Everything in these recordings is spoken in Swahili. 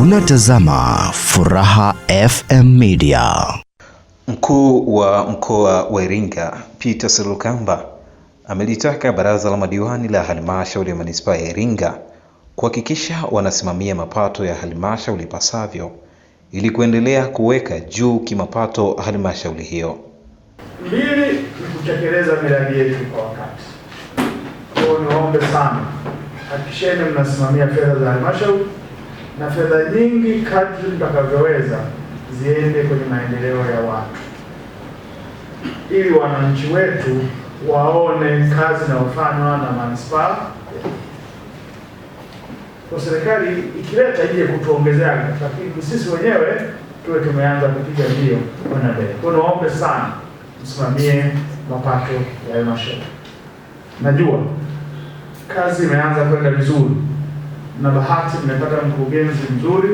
Unatazama Furaha FM Media. Mkuu wa mkoa wa Iringa Peter Serukamba amelitaka baraza la madiwani la halmashauri ya manispaa ya Iringa kuhakikisha wanasimamia mapato ya halmashauri ipasavyo ili kuendelea kuweka juu kimapato halmashauri hiyo. Mbili ni kutekeleza miradi yetu kwa wakati. Kwa niwaombe sana, hakikisheni mnasimamia fedha za halmashauri na fedha nyingi kadri mtakavyoweza ziende kwenye maendeleo ya watu, ili wananchi wetu waone kazi inayofanywa na manispaa kwa serikali ikileta ije kutuongezea, lakini sisi wenyewe tuwe tumeanza kupiga mbio kwenda mbele. Kwa naombe sana msimamie mapato ya halmashauri. Najua kazi imeanza kwenda vizuri na bahati nimepata mkurugenzi mzuri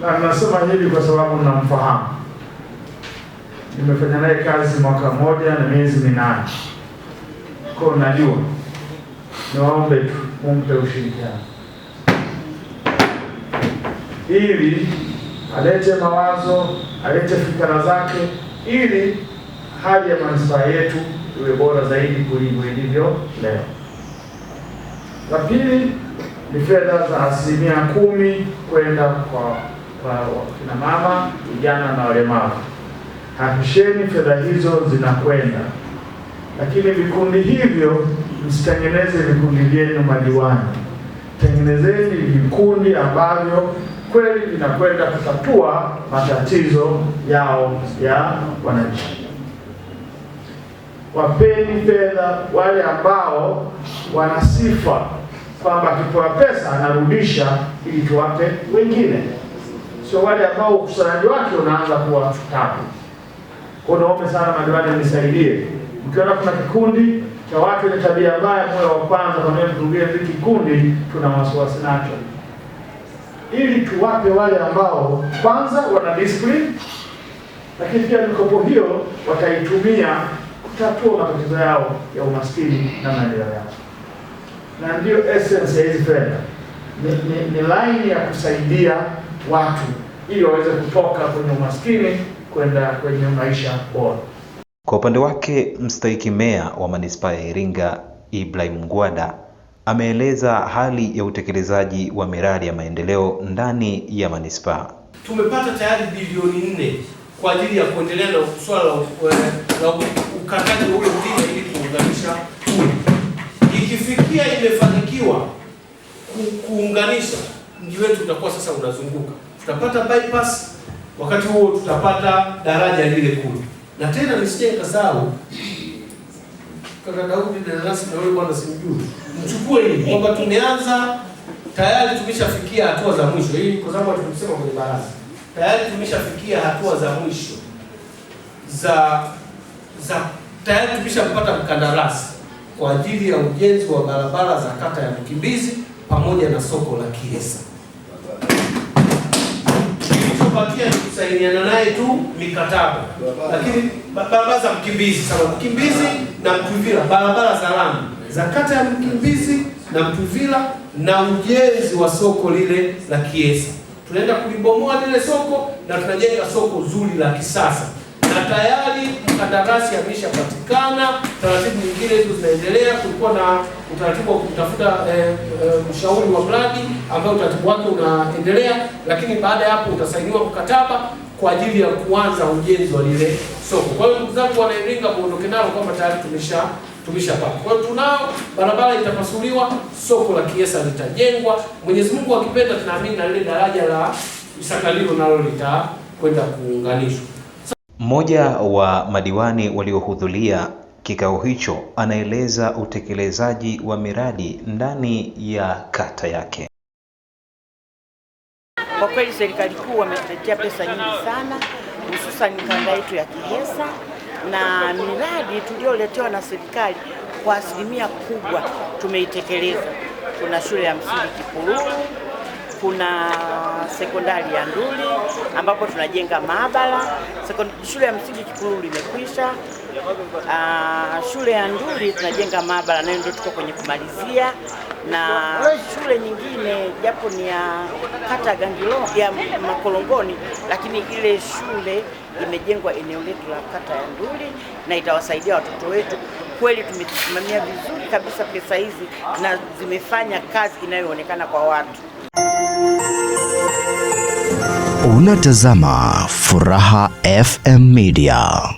na nasema hivi kwa sababu namfahamu, nimefanya naye kazi mwaka mmoja na miezi minane, kwa najua. Niwaombe tu mumpe ushirikiano ili alete mawazo, alete fikra zake, ili hali ya manispaa yetu tuwe bora zaidi kuliko ilivyo leo. La pili ni fedha za asilimia kumi kwenda kwa kwa wakina mama, vijana na walemavu. hakisheni fedha hizo zinakwenda, lakini vikundi hivyo msitengeneze vikundi vyenu madiwani, tengenezeni vikundi ambavyo kweli vinakwenda kutatua matatizo yao ya wananchi wapeni fedha wale ambao wana sifa kwamba akitoa pesa anarudisha ili tuwape wengine, sio wale ambao ukusanyaji wake unaanza kuwa tabu. Kwa naombe sana madiwani mnisaidie, mkiona kuna kikundi cha watu wenye tabia mbaya, moyo wa kwanza wanaotugia hiki kikundi tuna wasiwasi nacho, ili tuwape wale ambao kwanza wana discipline, lakini pia mikopo hiyo wataitumia kutatua matatizo yao ya umaskini na maendeleo yao, na ndiyo essence ya hizi fedha ni, ni, ni laini ya kusaidia watu ili waweze kutoka kwenye umaskini kwenda kwenye maisha bora. Kwa upande wake mstahiki meya wa manispaa ya Iringa Ibrahim Ngwada ameeleza hali ya utekelezaji wa miradi ya maendeleo ndani ya manispaa. Tumepata tayari bilioni nne kwa ajili ya kuendelea na swala la eh, ukataji wa ule mtiji ili kuunganisha ule. Ikifikia imefanikiwa kuunganisha, mji wetu utakuwa sasa unazunguka, tutapata bypass, wakati huo tutapata daraja lile kuu. Na tena nisije nikasahau kaka Daudi na nasi na wewe bwana, simjui mchukue hili kwamba tumeanza tayari, tumeshafikia hatua za mwisho hii, kwa sababu tumesema kwenye baraza tayari tumeshafikia hatua za mwisho za za tayari tumeshapata mkandarasi kwa ajili ya ujenzi wa barabara za kata ya Mkimbizi pamoja na soko la Kiesa. Kilichobakia ni kusainiana naye tu mikataba, lakini barabara za Mkimbizi sawa, Mkimbizi na Mtuvila, barabara za lami za kata ya Mkimbizi na Mtuvila na ujenzi wa soko lile la Kiesa. Tunaenda kulibomoa lile soko na tunajenga soko zuri la kisasa na tayari mkandarasi ameshapatikana. Taratibu nyingine hizo zinaendelea. Kulikuwa na utaratibu wa kutafuta e, e, mshauri wa mradi ambayo utaratibu wake unaendelea, lakini baada ya hapo utasainiwa mkataba kwa ajili ya kuanza ujenzi wa lile soko. Kwa hiyo ndugu zangu wana Iringa, muondoke nalo kwamba tayari tumesha tumesha pa. Kwa hiyo tunao barabara itapasuliwa, soko la Kiesa litajengwa, Mwenyezi Mungu akipenda, tunaamini na lile daraja la Isakalilo nalo litakwenda kuunganishwa. Mmoja wa madiwani waliohudhuria kikao hicho anaeleza utekelezaji wa miradi ndani ya kata yake. Kwa kweli serikali kuu wametuletea pesa nyingi sana, hususan kanda yetu ya Kihesa, na miradi tuliyoletewa na serikali kwa asilimia kubwa tumeitekeleza. Kuna shule ya msingi Kipululu kuna sekondari ya Nduli ambapo tunajenga maabara. Shule ya msingi Kikululu imekwisha. Ah, shule ya Nduli tunajenga maabara nayo ndio tuko kwenye kumalizia, na shule nyingine japo ni ya kata Gangilo ya Makolongoni, lakini ile shule imejengwa eneo letu la kata ya Nduli na itawasaidia watoto wetu. Kweli tumezisimamia vizuri kabisa pesa hizi na zimefanya kazi inayoonekana kwa watu. Unatazama Furaha FM Media.